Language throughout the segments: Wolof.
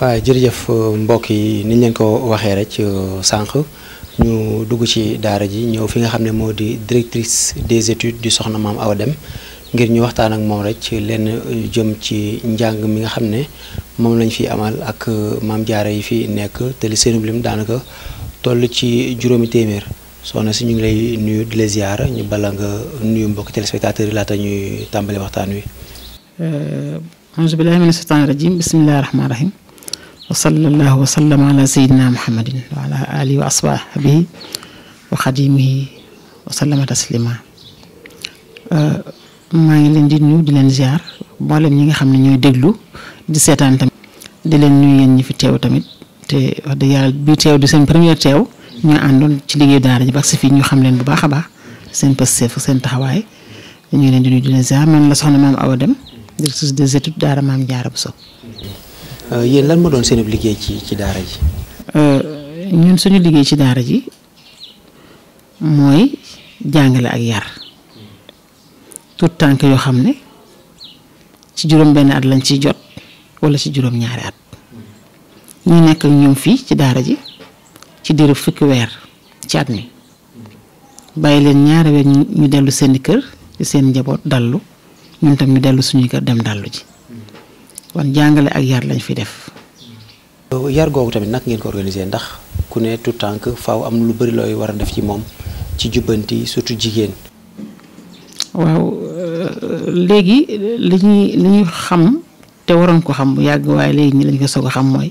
waaw jërëjëf euh, mbokk yi niñ leen ko waxee rek euh, sànq ñu dugg ci daara ji ñëw fi nga xam ne moo di directrice des études di soxna maam aw dem ngir ñu waxtaan ak moom rek ci lenn jëm ci njàng mi nga xam ne moom lañ fi amal ak euh, maam jaara yi fi nekk te li seen lim daanaka toll ci juróomi téeméer soxna si ñu ngi lay nuyu di la ziar ñu bala nga nuyu mbokk téléspectateurs yi laata ñuy tàmbali waxtaan wi. auzu billaahi mina shaytaani rajiim bismillaahi wa sallallahu wa sallam ala sayidina muhammadin wa ala alihi wa ashabihi wa xadimihi wa sallama taslima uh, maa ngi leen di ñu di leen ziar mboolem ñi nga xam ne ñooy déglu di seetaan tamit di leen ñu yéen ñi fi teew tamit te wax bu yàlla bi teew di seen première teew ñoo àndoon ci liggéeyu daara ji ba si fii ñu xam leen bu baax a baax seen pësteef seen taxawaay ñu ngi leen di nuyu di leen ziar man la soxna maam Awa Deme directrice des daara maam Jaara Bousso Euh, yéen lan ma doon seen liggéey ci ci daara ji. Euh, ñun suñu liggéey ci daara ji mooy jàngale ak yar tout tànk yoo xam ne ci juróom benn at lañ ciy jot wala ci juróom ñaari at ñu nekk ak ñoom fii ci daara ji ci diiru fukki weer ci at mi bàyyi leen ñaari weer ñu dellu seen kër ci seen njaboot dallu ñun tam ñu dellu suñuy kër dem dallu ji. kon jàngale ak yar lañ fi def. yar googu tamit nag ngeen ko organisé ndax ku ne tu tànk faw am lu bëri looy war a def ci moom ci jubbanti surtout jigéen. waaw euh, léegi li ñuy li ñu xam te waroon ko xam bu yàgg waaye léegi ñi lañ ko soog a xam mooy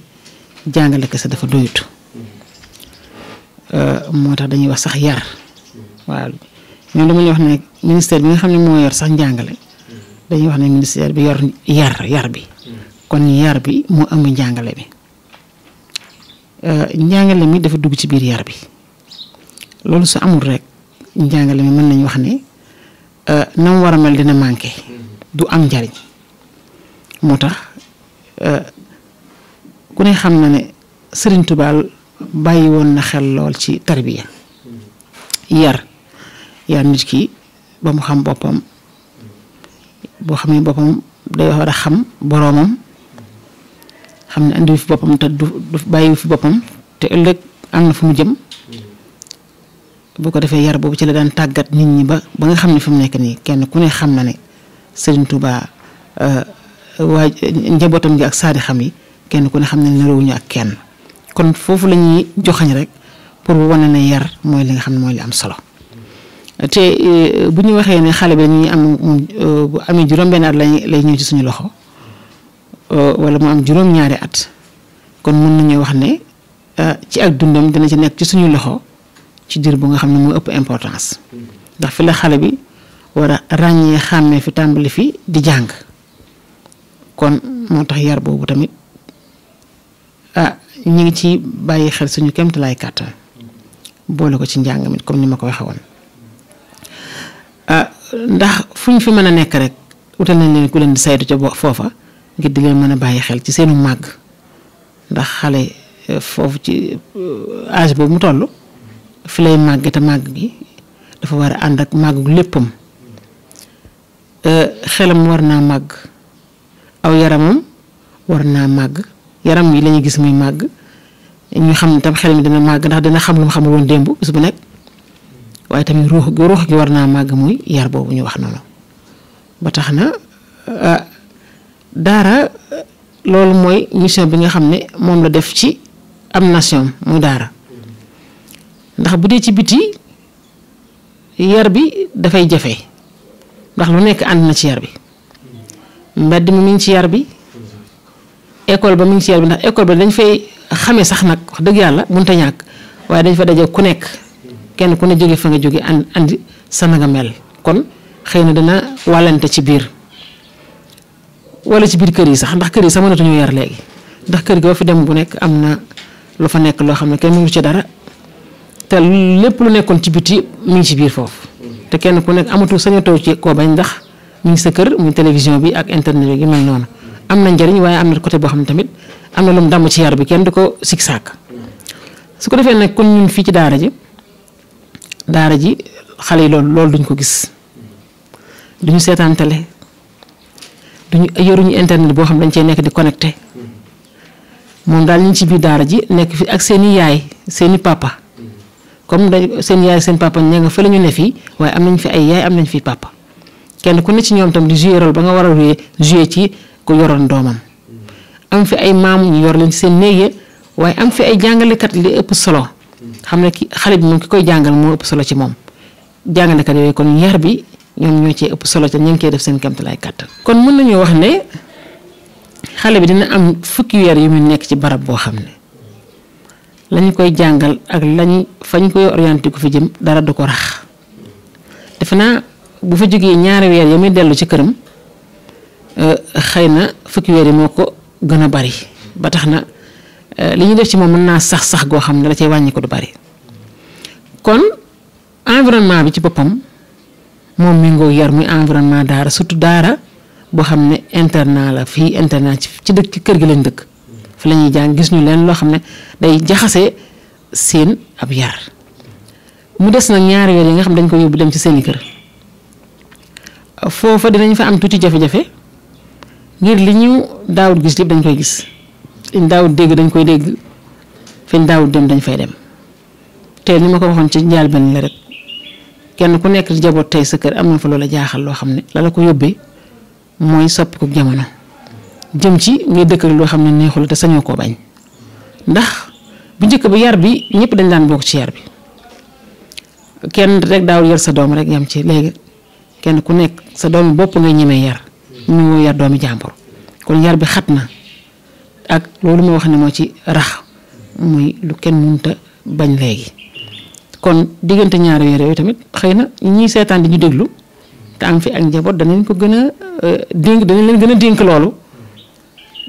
jàngale kese dafa doyut euh, moo tax dañuy wax sax yar waaw ñoom dama ñuy wax ne ministère bi nga xam ne moo yor sax njàngale. dañuy wax ne ministère bi yor yar yar bi kon yar bi moo am njàngale bi euh, njàngale mi dafa dugg ci biir yar bi loolu su amul rek njàngale mi mën nañ wax ni euh, na mu war a mel dina manqué du am njariñ moo tax euh, ku ne xam na ne Serigne Touba bàyyi woon na xel lool ci tarbiya yar yar nit ki ba mu xam boppam boo xam ne boppam day war a xam boroomam xam ne andi fi boppam te du du bàyyi fi boppam te ëllëg am na fu mu jëm boo ko defee yar boobu ci la daan tàggat nit ñi ba ba nga xam ne fi mu nekk nii kenn ku ne xam na ne Serigne Touba euh, waa njabootam ak saadi xam yi kenn ku ne xam ne ak kenn kon foofu la ñuy joxañ rek pour wane ne yar mooy li nga xam ne mooy li am solo. te euh, bu ñu waxee ne xale bi dañuy am euh, bu amee juróom-benn at lay lay ñëw ci suñu loxo euh, wala mu am juróom-ñaari at kon mën nañu wax ne ci ak dundam dina ci nekk ci suñu loxo ci diir bu nga xam ne moo ëpp importance ndax fi la xale bi war a ràññee xàmmee fi tàmbali fi di jàng kon moo tax yar boobu tamit ah ñu ngi ci bàyyi xel suñu kéemtalaay kàttan boole ko ci njàng mi comme ni ma ko waxee Ah, ndax fu ñu fi mën a nekk rek wutal nañ leen ku leen di saytu ca foofa ngir di leen mën a bàyyi xel ci seenu màgg ndax xale eh, foofu ci eh, âge boobu mu toll fi lay màgg te màgg gi dafa war a ànd ak màggu léppam eh, xelam war naa màgg aw yaramam war naa màgg yaram yi lañu gis muy màgg ñu xam tam xelam yi dina màgg ndax dina xam lu ma xamul woon démb bis bu nekk waaye tamit ruux gi ruux gi war naa màgg muy yar boobu ñu wax noonu ba tax na ah, daara loolu mooy mission bi nga xam ne moom la def ci am nation mu daara ndax bu dee ci biti yar bi dafay jafe ndax lu nekk ànd na ci yar bi mbedd mi mi ngi ci yar bi ecole ba mi ngi ci yar bi ndax école ba dañ fay xamee sax nag wax dëgg yàlla mënta ñàkk waaye dañ fa daje ku nekk. kenn ku ne jóge fa nga jóge and andi sa nga mel kon xëy na dana wàllante ci biir wala ci biir kër yi sax ndax kër yi sax mënatuñu yar léegi ndax kër fi dem bu nekk am na lu fa nekk loo xam ne kenn mënu ci dara te lépp lu nekkoon ci biti mi ngi ci biir foofu te kenn ku nekk amatul sañatoo ci koo bañ ndax mi ngi sa kër muy télévision bi ak internet bi mel noonu am na njëriñ waaye am na coté boo xam ne tamit am na lu mu damm ci yar bi kenn du ko sikk sàkk su ko defee nag kon ñun fii ci daara ji daara ji xale yi loolu loolu duñ ko gis duñu seetaan télé duñu yoruñu internet boo xam dañ cee nekk di connecté moom daal ñu ci biir daara ji nekk fi ak seeni yaay seeni papa comme da seen yaay seen papa ña nga fële ñu ne fii waaye am nañ fi ay yaay am nañ fi papa kenn ku ne ci ñoom tam di ba nga war a jouer ci ku yoroon doomam am fi ay maam ñu yor seen néeg waaye am fi ay jàngalekat li ëpp solo xam ne ki xale bi moom ki koy jàngal moo ëpp solo ci moom jàngalekat yooyu kon yar bi ñoom ñoo cee ëpp solo ci ñu ngi koy def seen kéemtalaay kàttan. kon mën nañoo wax ne xale bi dina am fukki weer yi mu nekk ci barab boo xam ne lañu koy jàngal ak lañ fañ koy orienté ku fi jëm dara du ko rax defe naa bu fa jógee ñaari weer ya muy dellu ci këram euh, xëy na fukki weer yi moo ko gën a bari ba tax na. Euh, li ñu def ci moom mën naa sax sax goo xam ne da cee wàññi ko du bari kon environnement bi ci boppam moom mi ngoo yar muy environnement daara surtout daara boo xam ne internat la fii internat ci dëkk ci kër gi lañ dëkk fi la ñuy gis ñu leen loo xam ne day jaxase seen ab yar mu des nag ñaari weer yi nga xam dañ ko yóbbu dem ci seeni kër foofa dinañ fa am tuuti jafe-jafe ngir li ñu daawul gis lépp dañ koy gis fiñ daawut dégg dañ koy dégg fiñ daawut dem dañ fay dem te li ma ko waxoon ci njaal benn la rek kenn ku nekk jaboot tey sa kër am na fa loola jaaxal loo xam ne la la ko yóbbee mooy sopp ko jamono jëm ci ngay dëkk loo xam ne neexu la te sañoo koo bañ ndax bu njëkk bi yar bi ñëpp dañ daan bokk ci yar bi kenn rek daawul yar sa doom rek yam ci léegi kenn ku nekk sa doom bopp ngay ñemee yar ñu woo yar doomi jàmbur kon yar bi xat na ak loolu ma wax ne moo ci rax muy lu kenn mënta bañ léegi kon diggante ñaari weer yooyu tamit xëy na ñii seetaan di ñu déglu te am fi ak njaboot danañ ko gën a euh, dénk danañ leen gën a dénk loolu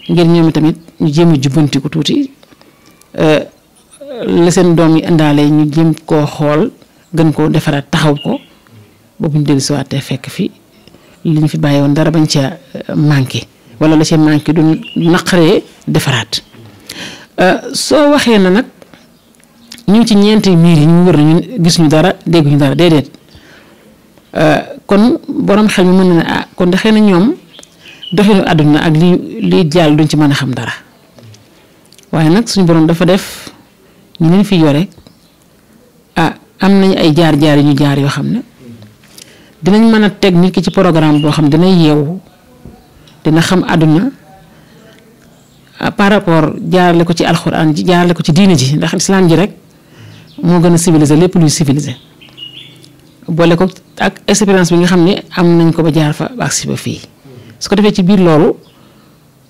ngir ñoom tamit ñu jéem a jubbanti ko tuuti euh, la seen doom yi indaale ñu jéem koo xool gën koo defaraat taxaw ko ba bu ñu dellusiwaatee fekk fi li ñu fi bàyyi woon dara bañ caa euh, manqué. wala la ci manqué du naqaree defaraat euh, soo waxee na nag ñu ngi ci ñeenti miir yi ñu wër nañu gis ñu dara dégg ñu dara déedéet euh, kon boroom xel mi mën na ne ah kon de xëy na ñoom doxinu àdduna ak li liy jàll duñ ci mën a xam dara waaye nag suñu borom dafa def ñu leen fi yore ah am nañ ay jaar-jaar yu ñu jaar yoo xam ne dinañ mën a teg nit ki ci programme boo xam ne dina yeewu. dina xam àdduna ah, par rapport jaarale ko ci alxuraan ji jaarale ko ci diine ji ndax islam ji rek moo gën a civilisé lépp luy civilisé boole ko ak expérience bi nga xam ne am nañ ko ba jaar fa ak si ba fii su ko defee ci biir loolu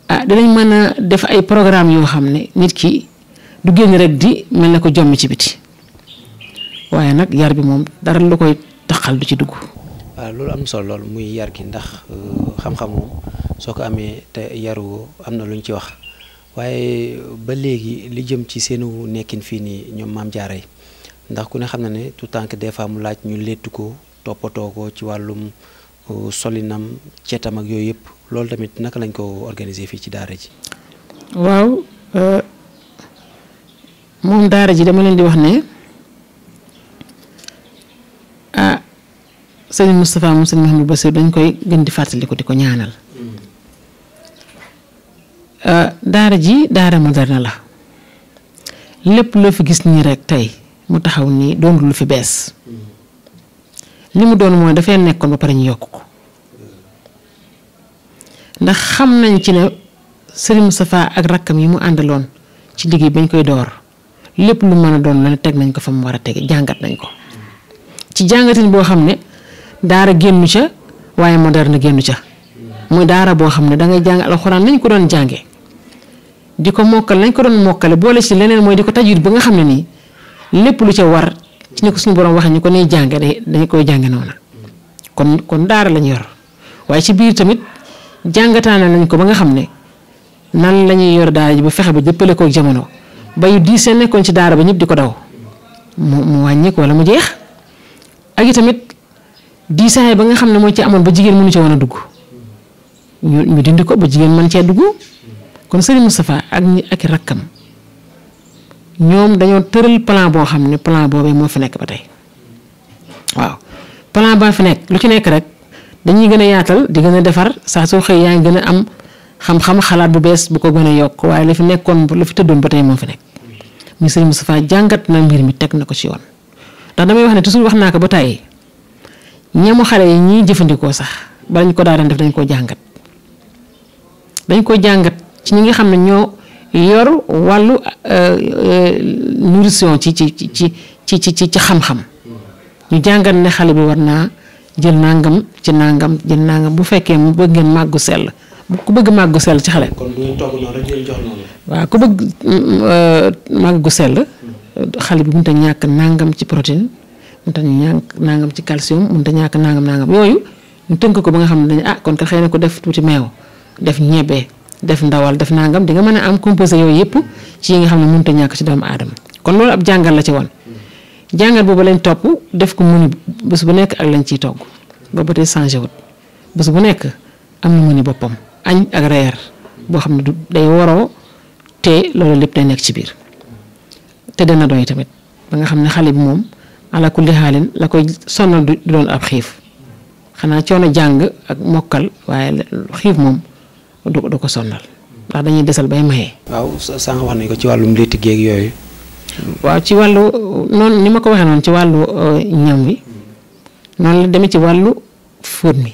ah dinañ mën a def ay programme yoo xam ne nit ki du génn rek di mel ne ko jommi ci biti waaye nag yar bi moom dara lu koy taqal du ci dugg waaw loolu am na solo lool muy yar gi ndax euh, xam-xam soo ko amee te yaru am na lu ñu ci wax waaye ba léegi li jëm ci seenu nekkin fii nii ñoom maam jaara yi ndax ku ne xam na ne tout temps que des fois mu laaj ñu létt ko toppatoo ko ci wàllum euh, solinam ceetam ak yooyu yëpp loolu tamit naka lañ ko organiser fii ci daara ji. waaw euh, moom daara ji dama leen di wax ne. sëñ Moustapha moom sëñ Mouhamadou Bassir dañ koy gën di fàttaliku di ko ñaanal. Hmm. Euh, daara ji daara moderne la lépp loo fi gis nii rek tey mu taxaw nii doon lu fi bees hmm. li mu doon mooy dafay nekkoon ba pare ñu yokk ko ndax xam nañ ci ne sëriñ Moustapha ak rakkam yi mu àndaloon ci liggéey bañ koy door lépp lu mën a doon la teg nañ ko fa mu war a tege jàngat nañ ko hmm. ci jàngatin boo xam ne daara génnu ca waaye moderne génnu ca muy daara boo xam ne da ngay jàng alxuraan nañ ko doon jànge di ko mokkal lañ ko doon mokkale boole si leneen mooy di ko tajwid ba nga xam ne nii lépp lu ca war ci ne ko borom waxee ko nee jànge dañ koy jànge kon kon daara lañ yor waaye ci biir tamit jàngataane nañ ko ba nga xam ne nan lañuy ñuy yor daara ji ba fexe ba jëppale koog jamono ba yu diis seen nekkoon ci daara ba ñëpp di ko daw mu mu wàññi mu jeex ak itamit diisaay ba nga xam ne moo ci amoon ba jigéen mënu ci woon a dugg ñu dindi ko ba jigéen man cee dugg kon Serigne Moustapha ak ñi ak rakkam ñoom dañoo tëral plan boo xam ne plan boobee moo fi nekk ba tey waaw plan baa fi nekk lu ci nekk rek dañuy gën a yaatal di gën a defar saa soo xëy yaa ngi gën a am xam-xam xalaat bu bees bu ko gën a yokk waaye la fi nekkoon la fi tëddoon ba tey moo fi nekk muy Serigne Moustapha jàngat na mbir mi teg na ko ci yoon ko ba tey ñamu xale yi ñuy jëfandikoo sax bala ñu ko daan def dañ koo jàngat dañ ko jàngat ci ñi nga xam ne ñoo yor wàllu euh, nutrition ci ci ci ci ci ci xam-xam ñu jàngat ne xale bi war naa jël nangam ci nangam jël nangam bu fekkee mu bëgg ngeen màggu sell ku bëgg màggu sell ci xale. kon du ñu togg noonu ku bëgg euh, màggu sell. xale bi mënut a ñàkk nàngam ci protéine. mënta ñu ñàkk nangam ci calcium mënta ñàkk nangam nangam yooyu ñu tënk ko ba nga xam ne dañu ah kon kat xëy na ko def tuuti meew def ñebe def ndawal def nangam di nga mën a am composé yooyu yëpp ci yi nga xam ne mënta ñàkk ci doomu aadama kon loolu ab jàngal la ci woon jàngal boobu lañ topp def ko menu bés bu nekk ak lañ ciy togg boobu tey changé wut bés bu nekk am na menu boppam añ ak reer boo xam ne du day waroo te loolu lépp day nekk ci biir te dana doy tamit ba nga xam ne xale moom ala kulli xaalin la koy sonal du doon ab xiif xanaa coono jàng ak mokkal waaye xiif moom du du ko sonal ndax dañuy desal bay maye. waaw sànq wax nañ ko ci wàllum litti géeg yooyu. waaw ci wàllu noonu ni ma ko waxee noonu ci wàllu euh, ñam wi noonu la demee ci wàllu fóot mi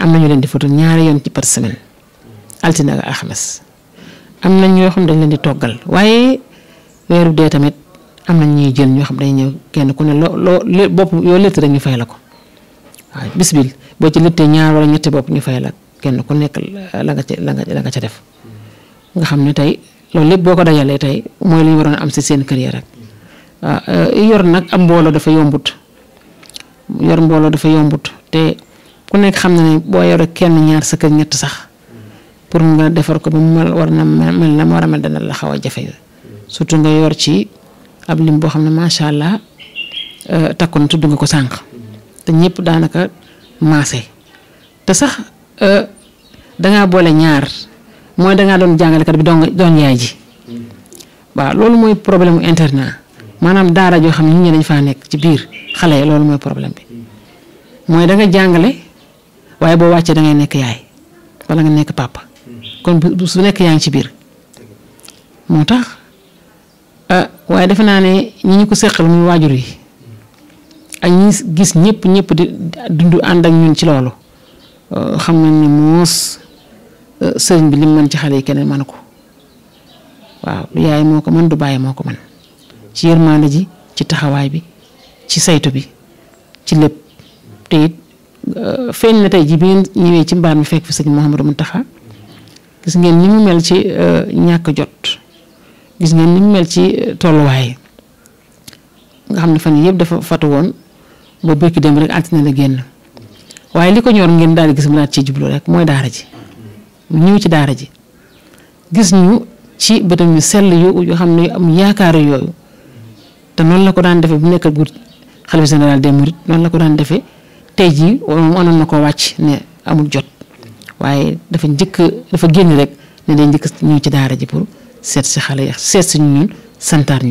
am na leen di fóotal ñaari yoon ci par semaine altine ak alxames am na ñoo xam dañ leen di toggal waaye weeru dee tamit am na ñuy jël ñoo xam day ñëw kenn ku ne loo loo bopp yoo létt rek ñu fay la ko waaw bis boo ci léttee ñaar wala ñetti bopp ñu fay la kenn ku nekk la nga ca la nga ca def. nga xam ne tey loolu lépp boo ko dajalee tey mooy li waroon am si seen kër yi rek euh, yor nag am mbooloo dafa yombut yor mbooloo dafa yombut te ku nekk xam na ne boo yore kenn ñaar sa kër ñett sax. pour nga defar ko ba mu war na mel na mu war a dana la xaw a jafe surtout nga yor ci. ab lim boo xam ne macha allah euh, takku na tudd nga ko sànq te ñëpp daanaka maase te sax euh, dangaa boole ñaar mooy dangaa doon jàngalekat bi doon doon yaay ji waaw loolu mooy problème mu internat maanaam daara joo xam ne nit faa nekk ci biir xale yi loolu mooy problème bi mooy danga jàngale waaye boo wàccee dangay nekk yaay wala nga nekk papa kon su nekk yaa ngi ci biir moo tax. waaye defe naa ne ñi ñu ko seqal muy waajur yi ak ñi gis ñëpp ñëpp di dund ànd ak ñun ci loolu euh, xam nañ ni moos euh, sëriñ bi lim mën ci xale yi keneen mën ko waaw du yaay moo ko mën du bàyyi moo ko mën ci yërmande ji ci taxawaay bi ci saytu bi ci lépp te it euh, feeñ na tey ji bi ngeen ñëwee ci mbaar mi fekk fi sëñ Mouhamadou Mountakha gis ngeen ni mu mel ci ñàkk jot gis ngeen ni mu mel ci eh, tolluwaay nga xam ne fan yii yëpp dafa fatu woon ba bëkki dem rek altine la génn waaye li ko ñor ngeen daal gis mu daal ci jublu rek mooy daara ji ñëw ci daara ji gis ñu ci bëtam yu sell yu yoo xam ne yu am yaakaar yooyu te noonu la ko daan defee bu nekk bu xalifa général des mourides noonu la ko daan defee tey jii moom anoon na ko wàcc ne amul jot waaye dafa njëkk dafa génn rek ne day njëkk ñëw ci daara ji pour. seet si xale yi seet si ñun santaar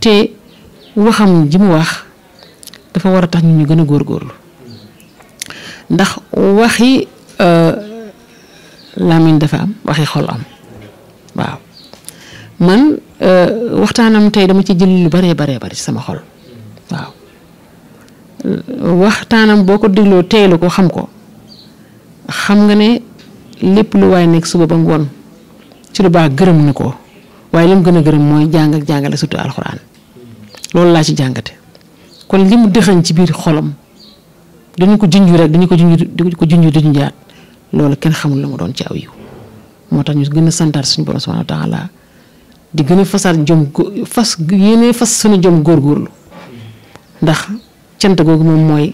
te waxam ji mu wax dafa war a tax ñun ñu gën a góorlu ndax waxi euh, làmmiñ dafa am waxi xol am waaw man euh, waxtaanam tey dama ci jël lu baree baree bari sama xol waaw waxtaanam boo ko dégloo teelu ko xam ko xam nga ne lépp lu waay nekk suba ba ngoon ci lu baax gërëm na ko waaye li gën a gërëm mooy jàng ak jàngale surtout alxuraan loolu laa ci jàngate kon li mu dëxañ ci biir xolam dañu ko junj rek dañu ko junj dañu ko junj dañu jaat loolu kenn xamul la mu doon ci aw moo tax ñu gën a santaat suñu borom subhanahu wa di gën a fasaat jom fas yéene fas suñu jom góorgóorlu ndax cant googu moom mooy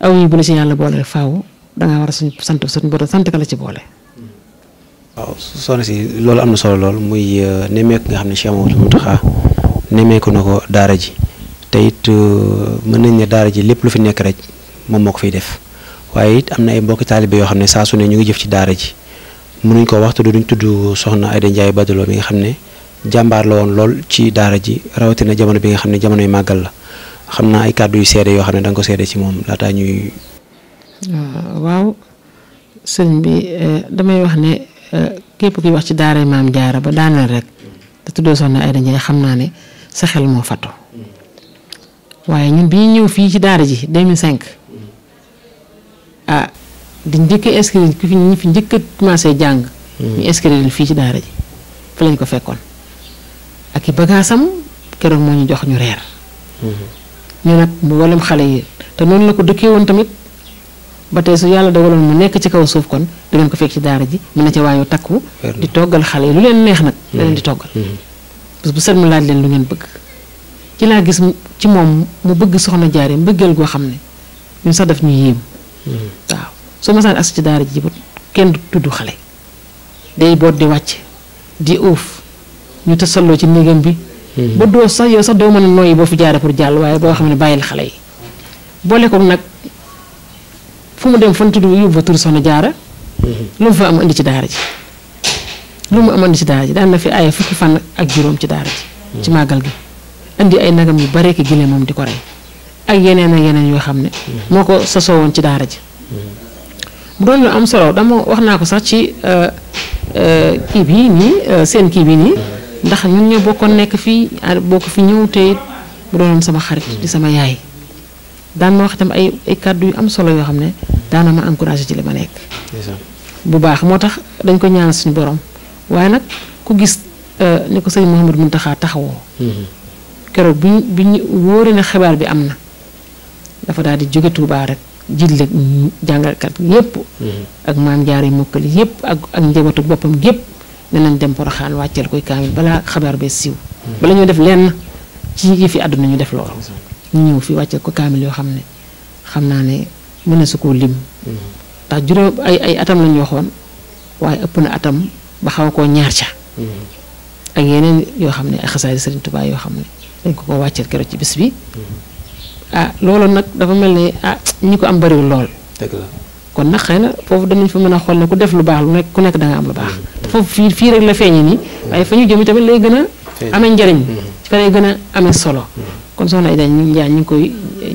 aw bu la ci yàlla boole faw da ngaa war a suñu sant suñu borom sant ka la ci boole. waaw soxna si loolu am na solo lool muy euh, nemmeeku nga xam ne Cheikh Mamadou Mountakha nemmeeku na ko daara ji teyit it euh, mën nañ ne daara ji lépp lu fi nekk rek moom moo ko fiy def waaye it am na ay mbokki taalibe yoo xam ne saa su ne ñu ngi jëf ci daara ji mënuñ ko waxtu duñ tudd soxna Aida Ndiaye Badaloo mi nga xam ne jàmbaar la woon lool ci daara ji rawatina jamono bi nga xam ne jamono yu màggal la xam naa ay kàddu yu seede yoo xam ne da nga ko seede ci moom laataa ñuy. waaw Eh, képp kuy wax ci daaray maam jaara ba daaneel rek te tuddoo soxna Aida Ndiaye xam naa ne sa xel moo fatu waaye ñun bi ñu ñëw fii ci daara ji 2005 ah di njëkk a inscrire ku fi ñu fi njëkk a commencé jàng. Hmm. ñu inscrire fii ci daara ji fa lañ ko fekkoon ak i bagaasam keroog moo ñu jox ñu reer. Hmm. ñu nag mboolem xale yi te noonu la ko dëkkee woon tamit. ba tey su yàlla dogaloon mu nekk ci kaw suuf kon di ko fekk ci daara ji mën na ca waayu takku di toggal xale yi lu leen neex nag la mm-hmm. leen di toggal mm-hmm. bu set mu laaj leen lu ngeen bëgg ci laa gis ci moom mu bëgg soxna jaare mbëggeel goo xam ne ñu sax def ñu yéem mm-hmm. waaw soo masaan asu ci daara ji ba kenn tudd xale day boot di wàcc di uuf ñu tasalloo ci néegam bi ba doo sax yow sax doo mën a nooyi boo fi jaare pour jàll waaye boo xam ne bàyyil xale yi fu mu dem fan tudd yóbbu fa tur soxna jaara mm-hmm. lu mu fa am indi ci daara ji lu mu am indi ci daara ji daan na fi ay fukki fan ak juróom ci daara ji ci mm-hmm. màggal gi indi ay nagam yu bare ki gile moom di ko rey ak yeneen a yeneen yoo xam ne mm-hmm. moo ko sasoo woon ci daara ji mu doon lu am solo dama wax naa ko sax ci euh, euh, kii bi nii euh, seen kii bi nii ndax ñun ñoo bokkoon nekk fii ah, bokk fi ñëw te mu doonoon sama xarit di sama yaay daan ma wax itam ay ay kàddu yu am solo yoo xam ne daana ma encouragé ci li ma nekk. bu baax moo tax dañ ko ñaan suñu borom waaye nag ku gis euh, ni ko sëñ Mouhamadou Mountakha taxawoo. Mm-hmm. keroog bi bi ñu wóoree ne xibaar bi am na dafa daal di jóge Touba rek jiit jiitle jàngalkat yépp mm-hmm. ak maam jaar yi mokkali yépp ak ak njabootu boppam yépp ne nañ dem Poroxaan wàcceel koy kaamil balaa xabaar bee siiw. Mm-hmm. bala ñoo def lenn ci fi àdduna ñu def loolu. ñu ñëw fi wàcceel ko kaamil yoo xam ne xam naa ne. mën na su ko lim. ndax juróom ay ay atam lañu waxoon waaye ëpp na atam ba xaw koo ñaar ca. ak yeneen yoo xam ne ay xasaari Sëriñ Tuubaa yoo xam ne dañ ko ko wàccee keroog ci bis bi. ah loolu nag dafa mel ne ah ñi ko am bariwul lool. dëgg la kon nag xëy na foofu danañ fa mën a xool ne ku def lu baax lu nekk ku nekk da am lu baax. Mm-hmm. foofu fii fii rek la feeñee nii. Mm-hmm. waaye fa ñu jëm tamit lay gën a. amee njariñ. fa mm-hmm. lay gën a amee solo. kon soxna Aida ñu ngi koy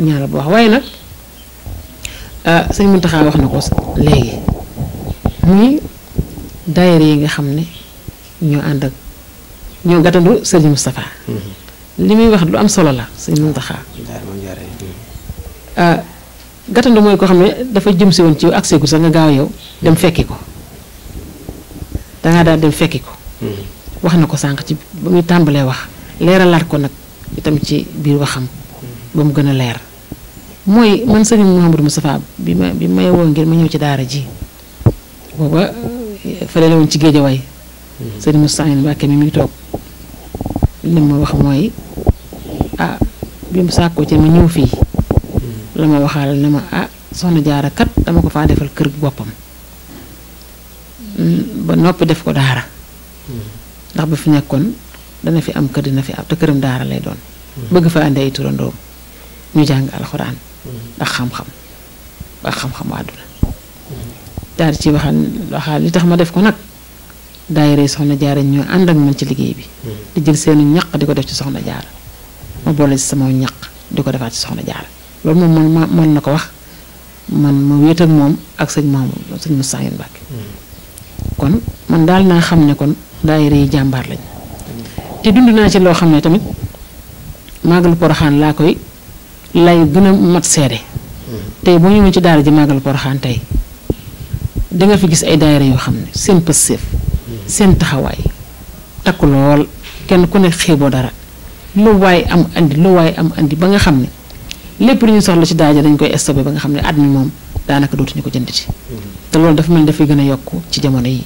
ñaanal bu baax waaye nag. Ah, sëñ Mountakha wax na ko léegi muy daayira yi nga xam ne ñoo ànd ak ñoo gàttandu sëriñ Moustapha mm-hmm. li muy wax lu am solo la sëñ taxaa ah, gàttandu mooy koo xam ne dafa jëm si woon ci accès gu sax nga gaaw yow dem mm-hmm. fekki ko dangaa daal dem fekki ko mm-hmm. wax na ko sànq ci ba muy tàmbalee wax leeralaat ko nag itam ci biir waxam ba mu gën a leer mooy man sëriñ mu Moustapha bi ma bi ma yewoo ngir ma ñëw ci daara ji booba fële la woon ci géejawaay mhm. sëriñ Moustapha Mbacke mi muy toog li ma wax mooy ah bi mu sàkkoo ci ma ñëw fii mhm. la ma waxaal ne ma ah soxna jaara kat dama ko faa defal kër boppam mhm. ba noppi def ko daara ndax ba fi nekkoon dana fi am kër dina fi am te këram daara lay doon bëgg fa àndee ay ñu jàng alxuraan ndax xam-xam ak xam-xamu àdduna daal di ci waxal waxaa li tax ma def ko nag daayira soxna jaara ñoo ànd ak man ci liggéey bi di jël seenu ñaq di ko def ci soxna jaara ma boole ci sama ñaq di ko defaat ci soxna jaara loolu moom man mën na ko wax man ma wéet moom ak sëñ maam sëñ Moussa Yane Mbacke kon man daal naa xam ne kon daayira yi jàmbaar lañ te dund naa ci loo xam ne tamit màggalu poroxaan laa koy lay gën a mat seere tey boo ñëwee ci daara ji màggal Poroxaan tey da fi gis ay daayira yoo xam ne seen pësséef seen taxawaay takku lool kenn ku ne xeeboo dara lu waay am andi lu waay am andi ba nga xam ne lépp lu ñu soxla ci daara ji dañ koy stocké ba nga xam ne at mi moom daanaka dootuñu ko jëndati mm-hmm. te lool dafa mel dafay gën a yokk ci jamono yi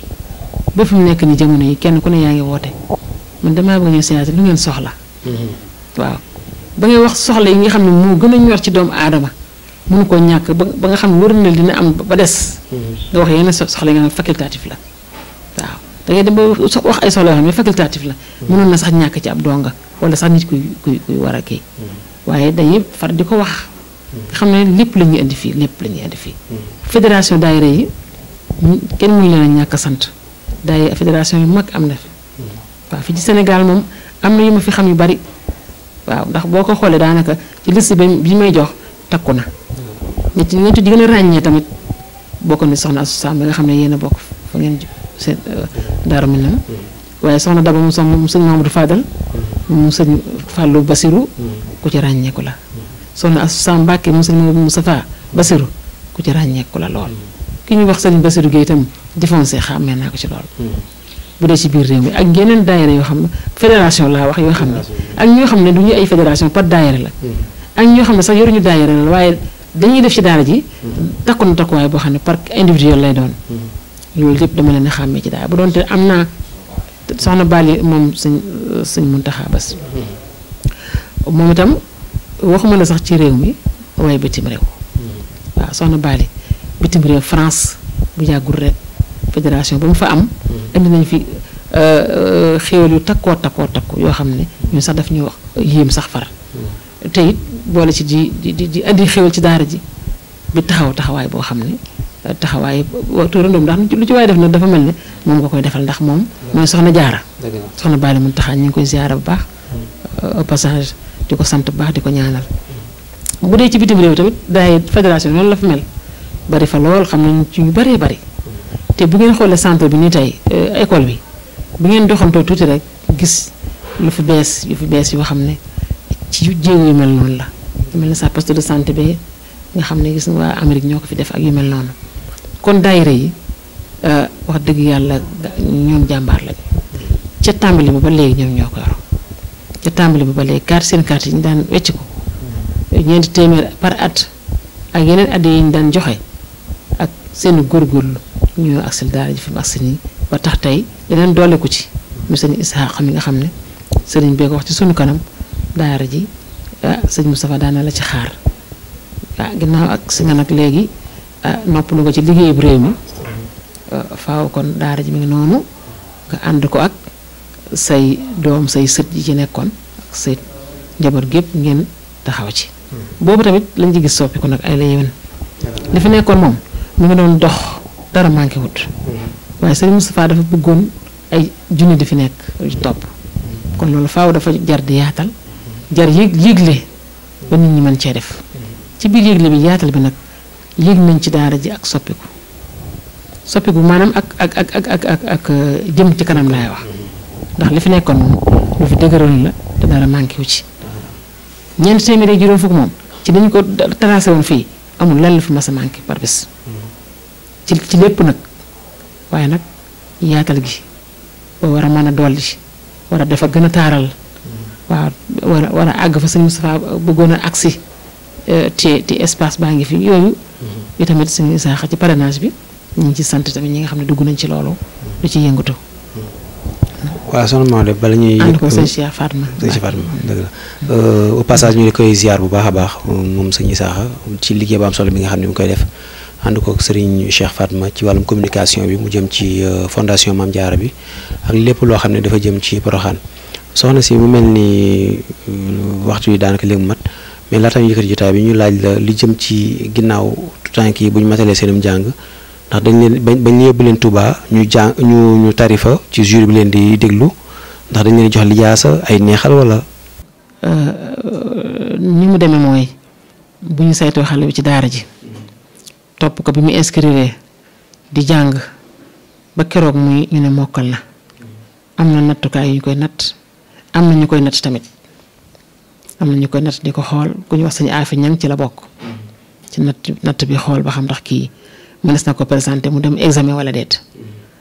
ba fi nekk ni jamono yi kenn ku ne yaa ngi woote man damaa bëgg ñu séance lu ngeen soxla mm-hmm. waaw ba ngay wax soxla yi nga xam ne moo gën a ñor ci doomu aadama mun koo ñàkk ba nga xam ne wër na dina am ba des. Mm-hmm. nga wax yenn soxla yi nga xam ne facultatif la waaw da ngay dem ba wax ay soxla yoo xam la. Mm-hmm. mënoon na sax ñàkk ci ab donga wala sax nit kuy kuy war a kii. Mm-hmm. waaye dañuy far di ko wax. nga xam ne lépp la ñuy indi fii lépp la ñuy indi fii. fédération daayira yi kenn mënu leen a ñàkk sant day fédération yu mag am na fi. waaw fii ci Sénégal moom am na yu ma fi xam yu bari. waaw ndax boo ko xoolee daanaka ci liste bi may jox takku na. ñi ci ñi ci gën a ràññee tamit bokkoon ni soxna Astou Samb bi nga xam ne yéen a bokk fa ngeen ji seen euh, Darou Minam waaye soxna Daba mu soxna mu sëñ Mamadou Fadal mu sëñ Fallou Basirou ku ci ràññeeku la soxna Astou Samb Mbacke mu sëñ basiru ku ci ràññeeku la lool ki ñu wax sëñ Basirou Gueye itam défoncé xàmmee naa ko ci lool bu dee ci biir réew mi ak yeneen daayira yoo xam ne fédération laa wax yoo xam ne ak ñoo xam ne du ñu ay fédération par daayira la ak ñoo xam ne sax yoruñu daayira la waaye dañuy def ci daara ji takku na takkuwaay boo xam ne par individuel lay doon loolu yëpp dama leen a xàmmee ci daara bu doonte am naa soxna Bali moom sañ sëñ Muntaxa Bas moom itam waxuma la sax ci réew mi waaye bitim réew waaw soxna Bali bitim réew France bu yàggul rek fédération bu mu fa am. indi nañ fi euh, euh, xéwal yu takkoo takkoo takku yoo xam ne ñu sax daf ñu wax yéem sax far. te it boole ci di di di indi xéwal ci daara ji bi taxaw taxawaay boo xam ne. Euh, taxawaay turandoom ndax lu ci waaye def nag dafa mel ne moom nga koy defal ndax moom mooy soxna jaara soxna Baali mun taxaa ñu ngi koy ziara bu baax hmm. au passage di ko sant bu baax di ko ñaanal bu dee ci bitim réew tamit daay fédération loolu la fa mel ba fa lool xam nañ ci te bu ngeen xoolee centre bi nii tey euh, école bi bu ngeen doxantoo tuuti rek gis lu fi bees yu fi bees yoo xam ne ci jéego yu mel noonu la. mel na sa poste de santé be nga xam ne gis nga waa Amérique ñoo ko fi def ak yu mel noonu kon daayira yi euh, wax dëgg yàlla ñoom jàmbaar lañu ca tàmbali bi ba léegi ñoom ñoo ko ca tàmbali bi ba léegi carte seen carte yi ñu daan wecc ko ñeenti téeméer par at ak yeneen at yi ñu daan joxe ak seen góorgóorlu. ñu agsi daara ji fi mu nii ba tax tey yeneen doole ko ci mu sëñ Isaaxa mi nga xam ne sëriñ bee ko wax ci sunu kanam daara ji ah sëñ Moustapha daana la ci xaar ah ginnaaw ak si nga nag léegi ah noppalu ko ci liggéeyub réew mi ah, faw kon daara ji mi ngi noonu nga ànd ko ak say doom say sët yi ci nekkoon ak say njaboot gépp ngeen taxaw ci hmm. boobu tamit lañ ci gis soppi ko nag ay la yéwén dafa nekkoon moom mu ngi doon dox dara manqué wut. waaye Serigne Moustapha dafa bëggoon ay junni di fi nekk yu topp kon loolu faw dafa jar di yaatal jar yëg yëgle ba nit ñi mën cee def ci biir yëgle bi yaatal bi nag yëg nañ ci daara ji ak soppiku soppiku maanaam ak ak ak ak ak ak euh, jëm ci kanam laay wax ndax li fi nekkoon moom lu fi dëgëral la te dara manqué wu ci ñeent téeméeri juróom fukk moom ci dañ ko tracé woon fii amul lan fi mas a manqué par ci ci lépp nag waaye nag yaatal gi ba war a mën a dolli war dafa gën a taaral waaw war a war a àgg fa sëñ saa bëggoon a agsi ci euh, ci espace baa ngi fi yooyu yi mm-hmm. tamit sëñ Isaaxa ci parrainage bi ñu ngi ci sant tamit ñi nga xam ne dugg nañ ci loolu du ci yëngatu mm-hmm. waaw soxna Maodo bala ñuy ànd ko sëñ Cheikh Fatma sëñ Cheikh Fatma euh, passage ñu ngi koy ziar bu baax a baax moom sëñ Isaaxa ci liggéey bu am solo bi nga xam ne mu koy def ànd kook Serigne Cheikh Fatma ci wàllum communication bi mu jëm ci euh, fondation Mame Diarra bi ak lépp loo xam ne dafa jëm ci Porokhane soxna si mu mel nii euh, waxtu yi daanaka léegi mat mais laata ñu yëkkati jotaay bi ñu laaj la li jëm ci ginnaaw tànk yi bu ñu matalee seenum jàng ndax dañ leen bañ bañ leen Touba ñu jàng ñu ñu tarifa ci jury bi leen di déglu ndax dañ leen jox lijaasa ay neexal wala. Euh, ni mu demee mooy bu ñu saytoo xale bi ci daara ji. topp ko bi mu inscrire di jàng ba keroog muy ñu ne mokkal na am na nattukaay yu ñu koy natt am na ñu koy natt tamit am na ñu koy di ko xool ku ñu wax sañu aafi ñang ci la bokk ci natt natt bi xool ba xam ndax kii mënees na ko présenté mu dem examen wala déet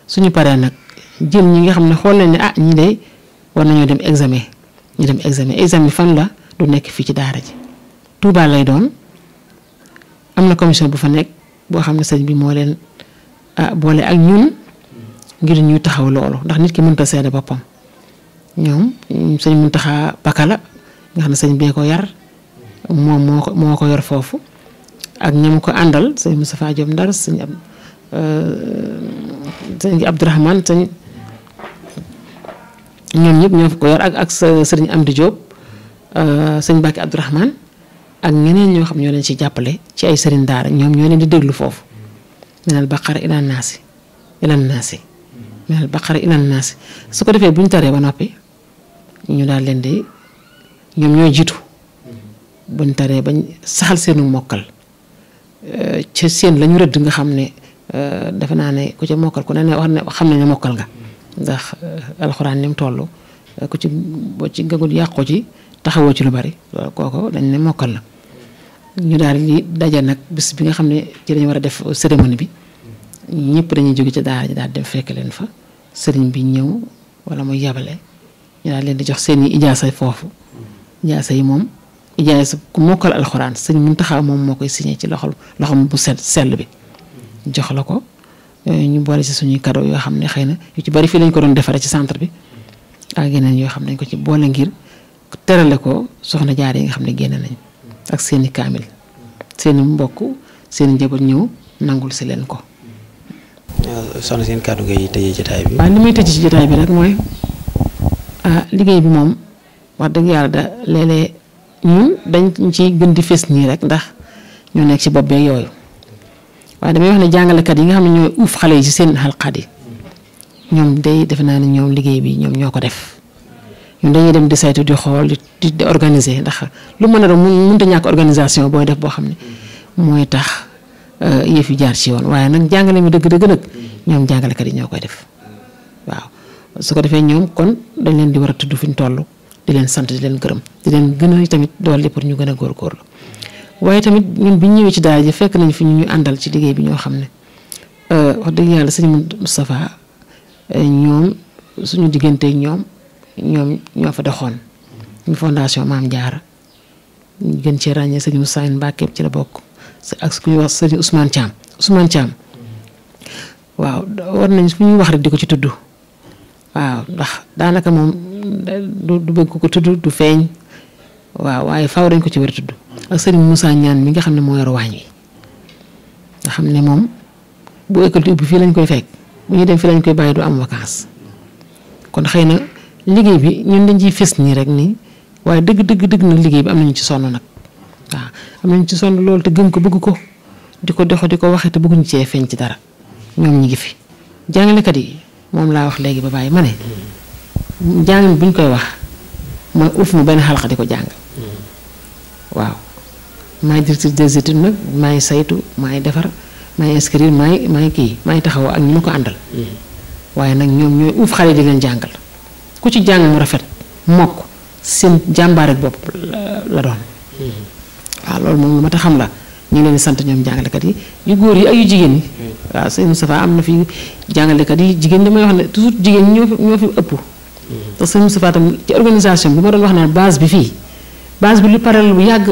suñu paree nag jël ñi nga xam ne xool nañ ne ah ñi de war nañoo dem examen ñu dem examen examen fan la du nekk fii ci daara ji Touba lay doon am na commission bu fa nekk. boo xam ne sëñ bi moo leen ah, boole ak ñun ngir ñuy taxaw loolu ndax nit ki mënta seede boppam ñoom sëñ Muntaxa Pakala nga xam ne sëñ bee ko yar moom moo ko yor foofu ak ñam ko àndal sëñ Moustapha Diop Ndar sëñ ab euh, sëñ Abdourahmane sëñ ñoom ñëpp ñoo ko yor ak ak sëriñ Amdi Diop euh, sëñ Bakki Abdourahmane ak ñeneen ñoo xam ñoo leen ci jàppale ci ay sëriñ daara ñoom ñoo leen di déglu foofu minal baqara ilan naasi ilan naasi minal baqara ilan naasi su ko defee buñ taree ba noppi ñu daal leen di ñoom ñoo jiitu buñ taree bañ saxal seenu mokkal euh, ci seen lañu rëdd nga xam ne euh, defe naa ne ku ca mokkal ku ne ne xam ne ne mokkal nga ndax euh, alxuraan ni mu toll ku ci boo ci gagul ci taxawoo ci lu bari loolu kooku dañ ne mokkal la ñu daal di daje nag bis bi nga xam ne ci dañu war a def cérémonie bi ñëpp dañuy jóge ci daara ji daal dem fekk leen fa sëriñ bi ñëw wala muy yabale ñu daal leen di jox seen i ijaasa foofu ijaasa yi moom ijaasa ku mokkal alxuraan sëñ taxaw moom moo koy signé ci loxo loxom bu sell sell bi jox la ko ñu boole si suñuy cadeau yoo xam ne xëy na yu ci bari fii lañ ko doon defaree ci centre bi ak yoo xam ne dañ ko ci boole ngir terale ko soxna jaar yi nga xam ne génn nañ ak seeni i kaamil seen i mbokk seen i njaboot ñëw nangul si leen ko. soxna seen kàddu ngay tëjee jotaay bi. waaw li muy tëjee ci jotaay bi nag mooy ah liggéey bi moom wax dëgg yàlla da léeg-léeg ñun dañ ci gën di fés nii rek ndax ñoo nekk ci bopp beeg yooyu waaye damay wax ne jàngalekat yi nga xam ne ñooy uuf xale yi ci seen xalqaat yi ñoom day defe naa ne ñoom liggéey bi ñoom ñoo ko def. ñun dañuy dem di saytu di xool di di ndax lu mën a doon mënut a ñàkk organisation booy def boo xam ne mooy tax euh, yëf fi jaar ci yoon waaye nag jàngale mi dëgg-dëgg nag ñoom jàngalekat yi ñoo koy def waaw. ko defee ñoom kon dañ leen di war a tudd fi ñu toll di leen sant di leen gërëm leen gën tamit doole pour ñu gën a góorgóorlu waaye tamit ñun bi ñëwee ci daal ji fekk nañu fi ñu àndal ci liggéey bi ñoo xam ne euh, wax dëgg yàlla sëñ Moustapha euh, ñoom suñu diggantee ñoom. ñoom ñoo fa doxoon ñu fondation Maam Jaara ñu gën ci ràññee sëñ Moussa Mbacke ci la bokk ak ku ñuy wax sëñ Ousmane Thiam Ousmane Thiam waaw war nañ fu ñuy wax rek di ko ci tudd waaw ndax daanaka moom du bëgg ko tudd du feeñ waaw waaye faw dañ ko ci war a tudd ak sëñ Moussa Ñaan mi nga xam ne moo yor waañ xam ne moom bu école di ubbi fii lañ koy fekk mu ñuy dem fii lañ koy bàyyi du am vacances kon xëy na liggéey bi ñun dañ ciy fés nii rek nii waaye dëgg dëgg dëgg nag liggéey bi am nañu ci sonn nag waaw am nañu ci sonn loolu te gëm ko bëgg ko di ko doxe di ko waxe te bëgguñu cee feeñ ci dara ñoom ñi ngi fi jàngalekat yi moom laa wax léegi ba bàyyi ma jàng buñ koy wax mooy uuf mu benn xalqa di ko jàng waaw maay directeur des études nag maay saytu maay defar maay inscrire maay maay kii maay taxaw ak ñu ma ko àndal mm. waaye nag ñoom ñooy uuf xale di leen jàngal ku ci jàng mu rafet mokk seen jàmbaare bopp la doon mm-hmm. waaw loolu moom lu ma ta xam la ñu leen di sant ñoom jàngalekat yi yu góor yi ak yu jigéen yi mm-hmm. waaw sëñ Moustapha am na fi jàngalekat yi jigéen damay wax ne toujours jigéen ñoo fi fi ëpp ndax mm-hmm. sëñ Moustapha tam ci organisation bi ma doon wax ne base bi fii base bi lu pare la bu yàgg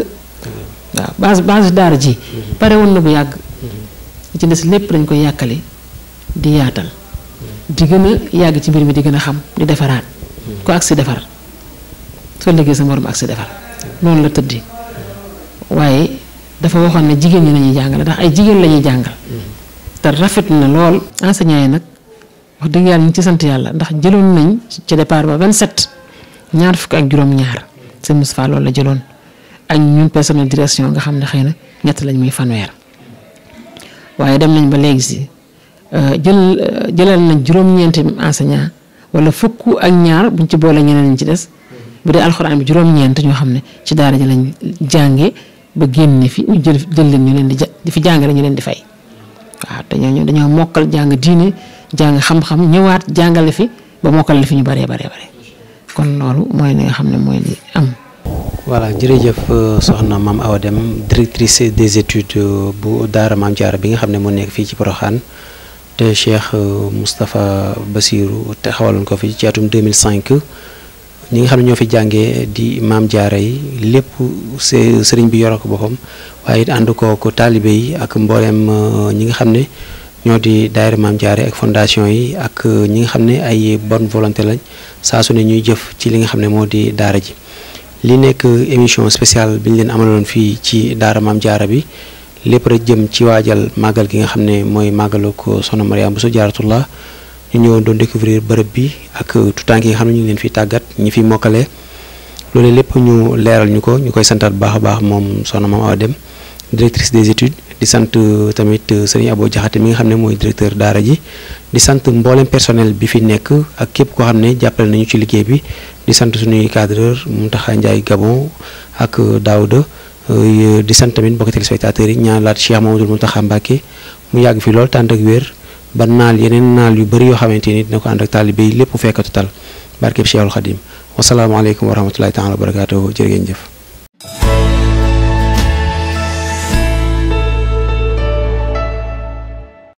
waaw base base daara ji pare woon na bu yàgg ci des lépp dañ koy yàkkale di yaatal di gën yàgg ci mbir mi di gën a xam di defaraat ku agsi defar soo liggéey sa morom agsi defar noonu la tëddi waaye dafa waxoon ne jigéen ñi lañuy jàngal ndax ay jigéen lañuy jàngal te rafet na lool enseignant yi nag wax dëgg yàlla ñu ci sant yàlla ndax jëloon nañ ci départ ba 27 ñaar fukk ak juróom-ñaar sëñ Moustapha loolu la jëloon ak ñun personnel direction nga xam ne xëy na ñett lañ muy fanweer waaye dem nañ ba léegi si euh, euh, jëlal nañ juróom-ñeenti enseignant wala fukk ak ñaar buñ ci boole ñeneen ñi ci des bu dee alxuraan bi juróom-ñeent ñoo xam ne ci daara ji lañ jàngee ba génne fi ñu jël jël leen ñu leen di ja di fi jàngale ñu leen di fay waaw dañoo dañoo mokkal jàng diine jàng xam-xam ñëwaat jàngale fi ba mokkal la fi ñu baree baree bare kon loolu mooy li nga xam ne mooy li am. voilà jërëjëf euh, soxna maam Awa Deme directrice des études euh, bu daara maam Diarra bi nga xam ne moo nekk fii ci Porokhane. te Cheikh euh, Moustapha Bassirou te xawaloon ko fi ci atum 2005 ñi nga xam ne ñoo fi jàngee di maam jaara yi lépp seriñ bi yoro ko boppam waaye it ànd ko ko taalibe yi ak mbooleem euh, ñi nga xam ne ñoo di daayira maam jaara ak fondation yi ak euh, ñi nga xam ne ay bonne volonté lañ saa su ne ñuy jëf ci li nga xam ne moo di daara ji li nekk émission spéciale bi ñu leen amaloon fii ci daara maam jaara bi lépp rek jëm ci waajal màggal gi nga xam ne mooy màggalu ko soxna Mariama Bousso Jaaratullaah ñu ñëwoon doon découvrir bërëb bi ak tuutànk yi nga xam ne ñu leen fi tàggat ñi fi mokkale loolu lépp ñu leeral ñu ko ñu koy santaat bu baax a baax moom soxna Mame Awa dem directrice des études di sant euh, tamit euh, sëriñ Abo Jaxate mi nga xam ne mooy directeur daara ji di sant mboolem personnel bi fi nekk ak képp koo xam ne jàppale nañu ci liggéey bi di sant suñuy cadreur Mountakha Ndiaye Gabon ak euh, Daouda Euh, di sant tamit mbokki téléspectateurs yi ñaan laat Cheikh Mamadou Mountakha Mbacké mu yàgg fi lool tànd ak wér ba naal yeneen naal yu bëri yoo xamante ni dina ko ànd ak taalibe yi lépp fekkatu tal barkeb Cheikhul Khadim wasalaamaaleykum wa rahmatulahi taala wa barakaatuhu jërë ngeen jëf